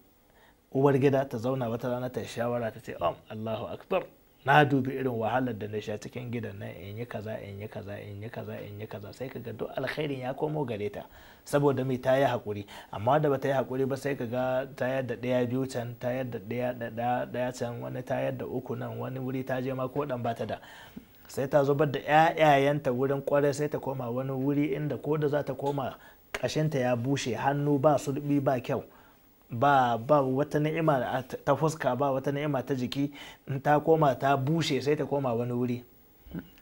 B: uwar gida ta zauna wata rana ta shawara ta ce Allahu akbar na dubi irin wahalar da na sha cikin gidan nan in yi kaza in yi kaza in yi kaza in yi kaza sai kaga duk alkhairin ya komo gare ta saboda mai ta yi hakuri amma da bata yi hakuri ba sai kaga tayar da ɗaya biyu can ta yadda ɗaya ɗaya can wani tayar da uku nan wani wuri ta je ma ko dan bata da sai ta zubar da 'ya'yayanta wurin kwarai sai ta koma wani wuri inda ko da za ta koma ƙashinta ya bushe hannu ba sulbi ba kyau ba ba wata ni'ima ta fuska ba wata ni'ima ta jiki in ta koma ta bushe sai ta koma wani wuri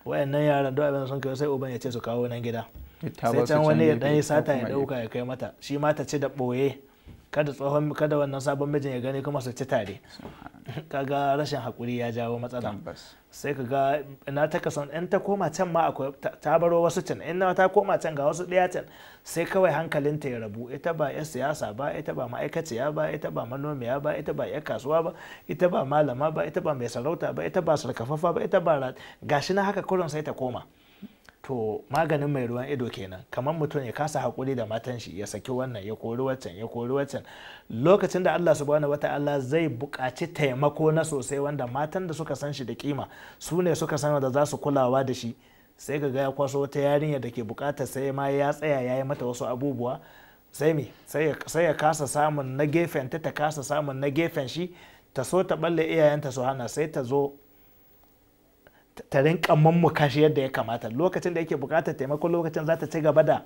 B: wayannan yaran duk abin sun kai sai uban ya ce su kawo nan gida
A: sai can wani ya dan sata ya dauka
B: ya kai mata shi ma ta ci da boye kada tsohon kada wannan sabon mijin ya gani kuma su ci tare kaga rashin hakuri ya jawo matsala sai ka ga na ta kasan in ta koma can ma akwai ta baro wasu can in ta koma can ga wasu ɗaya can sai kawai hankalinta ya rabu ita ba ya siyasa ba ita ba ma'aikaciya ba ita ba manomiya ba ita ba ya kasuwa ba ita ba malama ba ita ba mai sarauta ba ita ba sarkafafa ba ita ba gashi na haka kurin sai ta koma to maganin mai ruwan ido kenan kamar mutum ya kasa haƙuri da matan shi ya saki wannan ya kori waccan ya kori waccan lokacin da Allah subhanahu wata'ala zai buƙaci taimako na sosai wanda matan da suka san shi da kima su ne suka san da za su kulawa da shi sai ga ya kwaso wata yarinya da ke buƙatar sai ma ya tsaya ya yi mata wasu abubuwa sai me sai ya kasa samun na gefen ta ta kasa samun na gefen shi ta so ta balle iyayenta su hana sai ta zo ta rinka mammuka shi yadda ya kamata lokacin da yake bukatar taimako lokacin za ta ci gaba da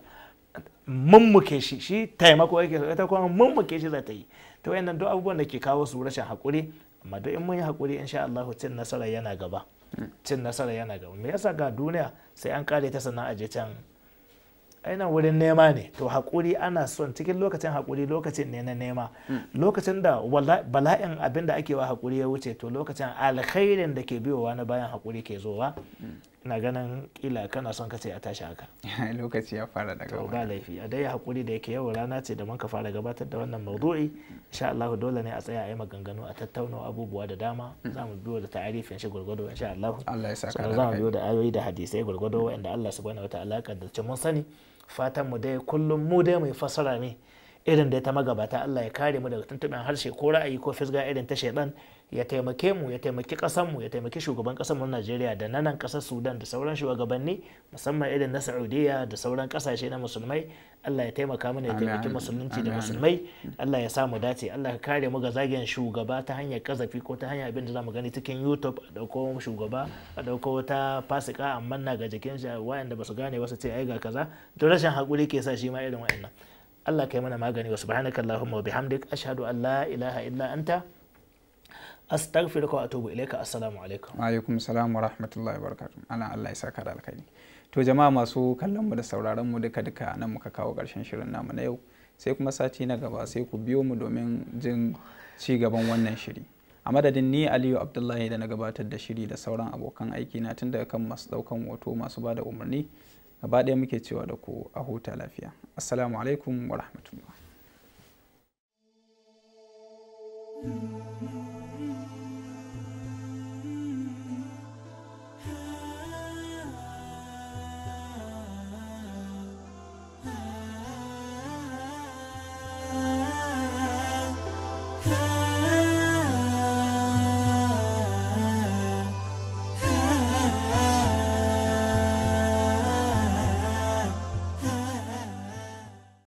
B: mummuke shi shi taimako yake so ita kuma mummuke shi za ta yi ta wayannan duk abubuwan da ke kawo su rashin hakuri amma duk in mun yi hakuri insha Allah cin nasara yana gaba hmm. cin nasara yana gaba me yasa ga duniya sai an kare ta sannan a je can aina wurin nema ne to haƙuri ana son cikin lokacin haƙuri lokacin ne na nema lokacin da bala'in abin da ake wa haƙuri ya wuce to lokacin alkhairin da ke biyowa na bayan haƙuri ke zowa ina ganin kila kana son kace a tashi haka [LAUGHS] lokaci ya fara daga to ba laifi a dai haƙuri da yake yau rana ce da muka fara gabatar da wannan maudu'i insha Allah dole ne a tsaya a yi maganganu a tattauna abubuwa da dama za mu biyo da ta'arifin shi gurgudu insha Allah Allah ya saka za mu biyo da ayoyi da hadisai gurgudu wanda Allah subhanahu wataala ya kaddace mun sani fatan mu dai kullum mu dai mai fasara ne irin da ya ta magabata Allah ya kare mu daga tuntuɓen harshe ko ra'ayi ko fisga irin ta shaidan ya taimake mu ya taimaki ƙasar mu ya taimaki shugaban ƙasar mu Najeriya da nanan ƙasar Sudan da sauran shugabanni musamman irin na Saudiya da sauran ƙasashe na musulmai Allah ya taimaka mana ya taimaki musulunci da musulmai Allah ya sa mu dace Allah ya kare mu ga zagin shugaba ta hanyar kazafi ko ta hanyar abin da zamu gani cikin YouTube a dauko shugaba a dauko wata fasika amma na ga jikin shi wayanda ba su gane wasu ce ai ga kaza to rashin hakuri ke sa shi ma irin wa'annan Allah kai mana magani wa subhanaka allahumma wa bihamdik ashhadu an la ilaha illa anta astaghfiruka wa atubu ilaika assalamu alaikum
A: wa alaikum assalam wa rahmatullahi wa barakatuh ana Allah ya saka da alkhairi to jama'a masu kallon mu da sauraron mu duka duka nan muka kawo karshen shirin namu na yau sai kuma sati na gaba sai ku biyo mu domin jin ci gaban wannan shiri a madadin ni aliyu abdullahi da na gabatar da shiri da sauran abokan aiki na tun daga kan masu daukan hoto masu bada umarni gaba ɗaya muke cewa da ku a huta lafiya assalamu alaikum wa rahmatullah ah, ah, ah,